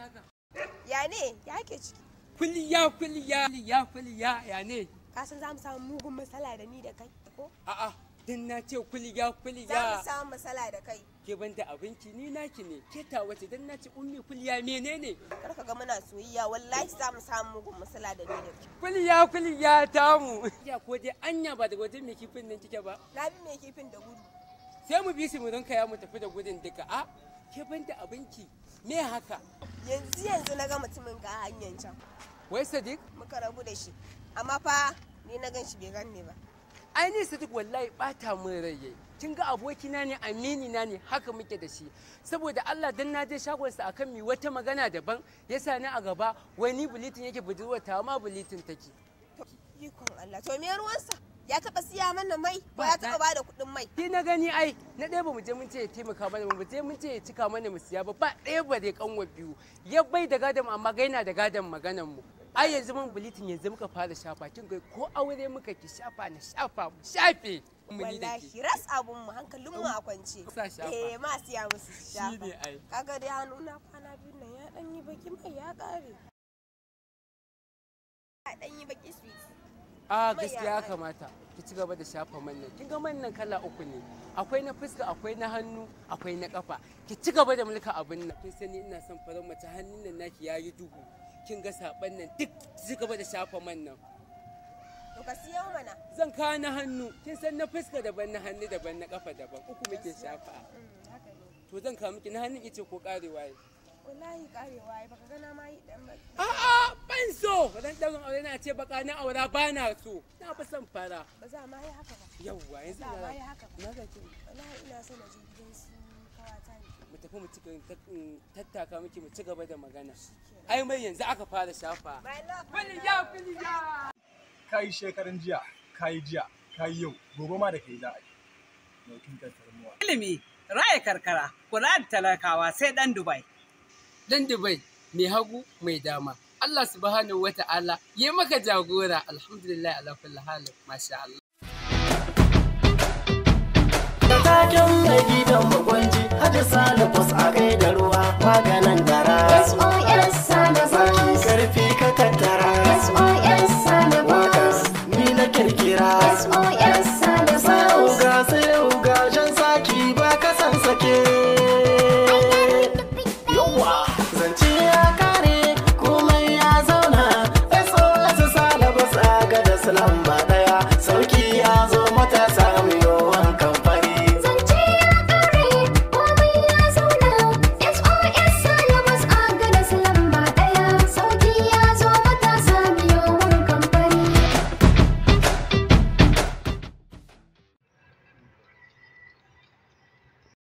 haka? Ya ne? Ya ke ciki? Kuliya kuliya kuliya kuliya ya ne? Ka san za mu samu mugun matsala da ni da kai ko? A'a din na ce kuliya kuliya. Za mu samu matsala da kai. Ke ban da abinci ni naki ne ke ta wace dan na ce ummi kuliya menene? Kar ka ga muna soyayya wallahi za mu samu mugun matsala da ni da kai. Kuliya kuliya ta mu. Ya ko dai anya ba da wajen mai kifin nan kike ba? Na bi mai kifin da gudu. Sai mu bi su mu rinka ya mu tafi da gudun duka a ke ban da abinci me haka? yanzu yanzu na ga mutumin ga hanyar can wai sadiq muka rabu da shi amma fa ni na gan shi bai gan ne ba ai ni sadiq wallahi bata min rai yayi kin ga abokina ne amini na ne haka muke da shi saboda Allah dan na je shagon sa akan mi wata magana daban yasa ni a gaba wai ni bulitin yake budurwa ta ma bulitin take ikon Allah to me ruwansa ya taba siya mana mai ko ya taba bada kuɗin mai ki na gani ai na ɗaya ba mu je mun ce ya taimaka mana ba mu je mun ce ya cika mana mu siya ba ba ɗaya ba dai kanwa biyu ya bai da gadan amma gaina da gadan maganan mu ai yanzu mun bulitin yanzu muka fara shafa kin ga ko aure muka ki shafa na shafa mu shafe wallahi ras abun mu hankalin mu a kwance eh ma siya musu shafa kaga dai hannu na kwana biyu nan ya dan yi baki mai ya kare dan yi baki su a gaskiya kamata ki ci gaba da shafa man nan kin ga man nan kala uku ne akwai na fuska akwai na hannu akwai na kafa ki ci gaba da mulka abin nan kin sani ina son farar mace hannun nan naki yayi duhu kin ga saban nan duk ci gaba da shafa man nan to ka siyo mana zan kawo na hannu kin san na fuska daban na hannu daban na kafa daban uku muke shafa mm, to zan ka miki na hannun ice ko karewa ne wallahi karewa ai baka gana ma yi dan a'a ban so dan dan aure na ce baka na aura bana so na fi son fara ba za ma yi haka ba yawwa yanzu na yi haka ba na ga ki wallahi ina so na je gidan su kawata ne mu tafi mu cika tattaka miki mu ci gaba da magana ai mai yanzu aka fara shafa biliya biliya kai shekarun jiya kai jiya kai yau gobe ma da kai za a yi mai kin tattarmuwa ilimi raya karkara kula da talakawa sai dan dubai dan Dubai mai hagu mai dama. Allah subhanahu wata'ala ya maka jagora alhamdulillah ala kulli halin masha Allah. mai gidan